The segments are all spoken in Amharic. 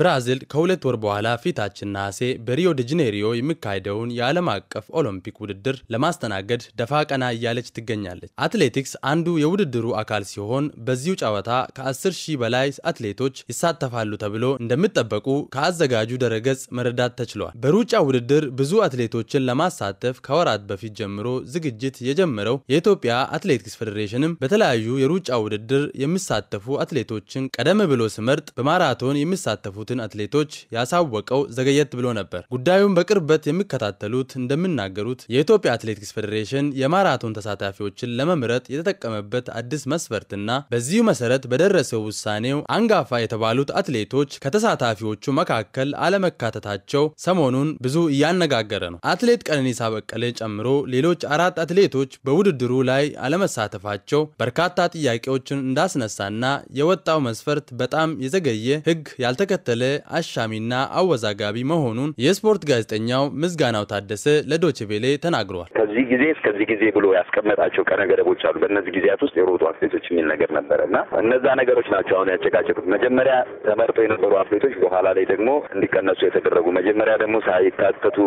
ብራዚል ከሁለት ወር በኋላ ፊታችን ነሐሴ በሪዮ ደ ጄኔሪዮ የሚካሄደውን የዓለም አቀፍ ኦሎምፒክ ውድድር ለማስተናገድ ደፋ ቀና እያለች ትገኛለች። አትሌቲክስ አንዱ የውድድሩ አካል ሲሆን በዚሁ ጨዋታ ከ10 ሺህ በላይ አትሌቶች ይሳተፋሉ ተብሎ እንደሚጠበቁ ከአዘጋጁ ደረገጽ መረዳት ተችሏል። በሩጫ ውድድር ብዙ አትሌቶችን ለማሳተፍ ከወራት በፊት ጀምሮ ዝግጅት የጀመረው የኢትዮጵያ አትሌቲክስ ፌዴሬሽንም በተለያዩ የሩጫ ውድድር የሚሳተፉ አትሌቶችን ቀደም ብሎ ስመርጥ በማራቶን የሚሳተፉ ያለፉትን አትሌቶች ያሳወቀው ዘገየት ብሎ ነበር። ጉዳዩን በቅርበት የሚከታተሉት እንደሚናገሩት የኢትዮጵያ አትሌቲክስ ፌዴሬሽን የማራቶን ተሳታፊዎችን ለመምረጥ የተጠቀመበት አዲስ መስፈርትና በዚሁ መሰረት በደረሰው ውሳኔው አንጋፋ የተባሉት አትሌቶች ከተሳታፊዎቹ መካከል አለመካተታቸው ሰሞኑን ብዙ እያነጋገረ ነው። አትሌት ቀነኒሳ በቀለ ጨምሮ ሌሎች አራት አትሌቶች በውድድሩ ላይ አለመሳተፋቸው በርካታ ጥያቄዎችን እንዳስነሳና የወጣው መስፈርት በጣም የዘገየ ሕግ ያልተከተለ የመሰለ አሻሚና አወዛጋቢ መሆኑን የስፖርት ጋዜጠኛው ምዝጋናው ታደሰ ለዶችቬሌ ተናግሯል። ከዚህ ጊዜ እስከዚህ ጊዜ ብሎ ያስቀመጣቸው ቀነ ገደቦች አሉ። በእነዚህ ጊዜያት ውስጥ የሮጡ አትሌቶች የሚል ነገር ነበረ እና እነዛ ነገሮች ናቸው አሁን ያጨቃጨቁት። መጀመሪያ ተመርጦ የነበሩ አትሌቶች በኋላ ላይ ደግሞ እንዲቀነሱ የተደረጉ መጀመሪያ ደግሞ ሳይካተቱ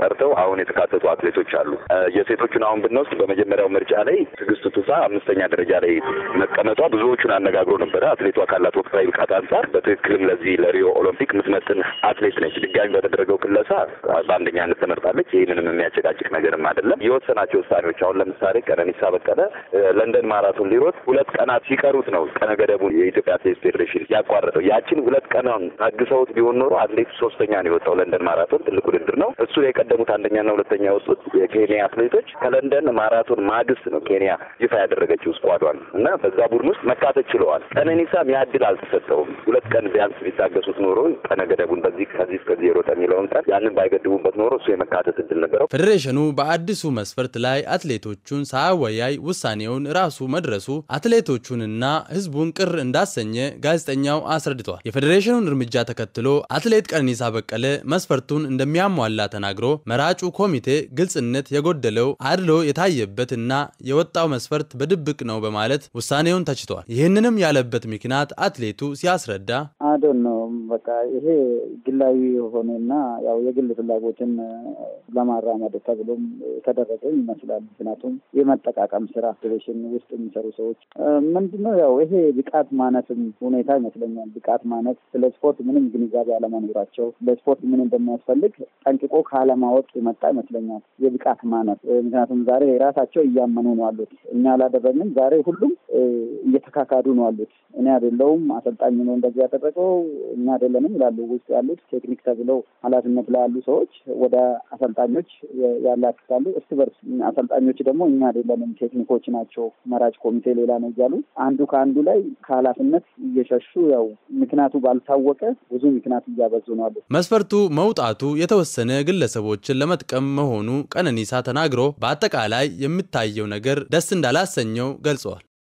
ቀርተው አሁን የተካተቱ አትሌቶች አሉ። የሴቶቹን አሁን ብንወስድ በመጀመሪያው ምርጫ ላይ ትዕግስት ቱሳ አምስተኛ ደረጃ ላይ መቀመጧ ብዙዎቹን አነጋግሮ ነበረ። አትሌቷ ካላት ወቅታዊ ብቃት አንጻር በትክክልም ለዚህ በሪዮ ኦሎምፒክ የምትመጥን አትሌት ነች። ድጋሚ በተደረገው ቅለሳ በአንደኛነት ተመርጣለች። ይህንንም የሚያጨቃጭቅ ነገርም አይደለም። የወሰናቸው ውሳኔዎች አሁን ለምሳሌ ቀነኒሳ በቀለ ለንደን ማራቶን ሊሮጥ ሁለት ቀናት ሲቀሩት ነው ቀነ ገደቡን የኢትዮጵያ አትሌት ፌዴሬሽን ያቋረጠው። ያችን ሁለት ቀናን አግሰውት ቢሆን ኖሮ አትሌቱ ሶስተኛ ነው የወጣው። ለንደን ማራቶን ትልቅ ውድድር ነው። እሱ የቀደሙት አንደኛና ሁለተኛ የወጡት የኬንያ አትሌቶች ከለንደን ማራቶን ማግስት ነው ኬንያ ይፋ ያደረገችው ስኳዷን እና በዛ ቡድን ውስጥ መካተት ችለዋል። ቀነኒሳም ሚያድል አልተሰጠውም። ሁለት ቀን ቢያንስ ቢታገሱ ቢያነሱት ኖሮ ቀነገደቡን በዚህ ከዚህ እስከዚህ የሮጠ የሚለውን ቀን ያንን ባይገድቡበት ኖሮ እሱ የመካተት እድል ነበረው። ፌዴሬሽኑ በአዲሱ መስፈርት ላይ አትሌቶቹን ሳያወያይ ውሳኔውን ራሱ መድረሱ አትሌቶቹንና ህዝቡን ቅር እንዳሰኘ ጋዜጠኛው አስረድቷል። የፌዴሬሽኑን እርምጃ ተከትሎ አትሌት ቀነኒሳ በቀለ መስፈርቱን እንደሚያሟላ ተናግሮ መራጩ ኮሚቴ ግልጽነት የጎደለው አድሎ የታየበትና የወጣው መስፈርት በድብቅ ነው በማለት ውሳኔውን ተችቷል። ይህንንም ያለበት ምክንያት አትሌቱ ሲያስረዳ ማደን ነው። በቃ ይሄ ግላዊ የሆነና ያው የግል ፍላጎትን ለማራመድ ተብሎም የተደረገ ይመስላል። ምክንያቱም የመጠቃቀም ስራ አክቲቬሽን ውስጥ የሚሰሩ ሰዎች ምንድነው ያው ይሄ ብቃት ማነትም ሁኔታ ይመስለኛል። ብቃት ማነት ስለ ስፖርት ምንም ግንዛቤ አለመኖራቸው፣ ለስፖርት ምን እንደሚያስፈልግ ጠንቅቆ ካለማወቅ የመጣ ይመስለኛል የብቃት ማነት። ምክንያቱም ዛሬ ራሳቸው እያመኑ ነው አሉት። እኛ አላደረግንም። ዛሬ ሁሉም እየተካካዱ ነው አሉት እኔ አይደለሁም አሰልጣኝ ነው እንደዚህ ያደረገው እኛ አይደለንም ይላሉ ውስጥ ያሉት ቴክኒክ ተብለው ኃላፊነት ላይ ያሉ ሰዎች ወደ አሰልጣኞች ያላክታሉ። እርስ በርስ አሰልጣኞች ደግሞ እኛ አይደለንም ቴክኒኮች ናቸው፣ መራጭ ኮሚቴ ሌላ ነው እያሉ አንዱ ከአንዱ ላይ ከኃላፊነት እየሸሹ ያው ምክንያቱ ባልታወቀ ብዙ ምክንያት እያበዙ ነው አሉ። መስፈርቱ መውጣቱ የተወሰነ ግለሰቦችን ለመጥቀም መሆኑ ቀነኒሳ ተናግሮ በአጠቃላይ የሚታየው ነገር ደስ እንዳላሰኘው ገልጸዋል።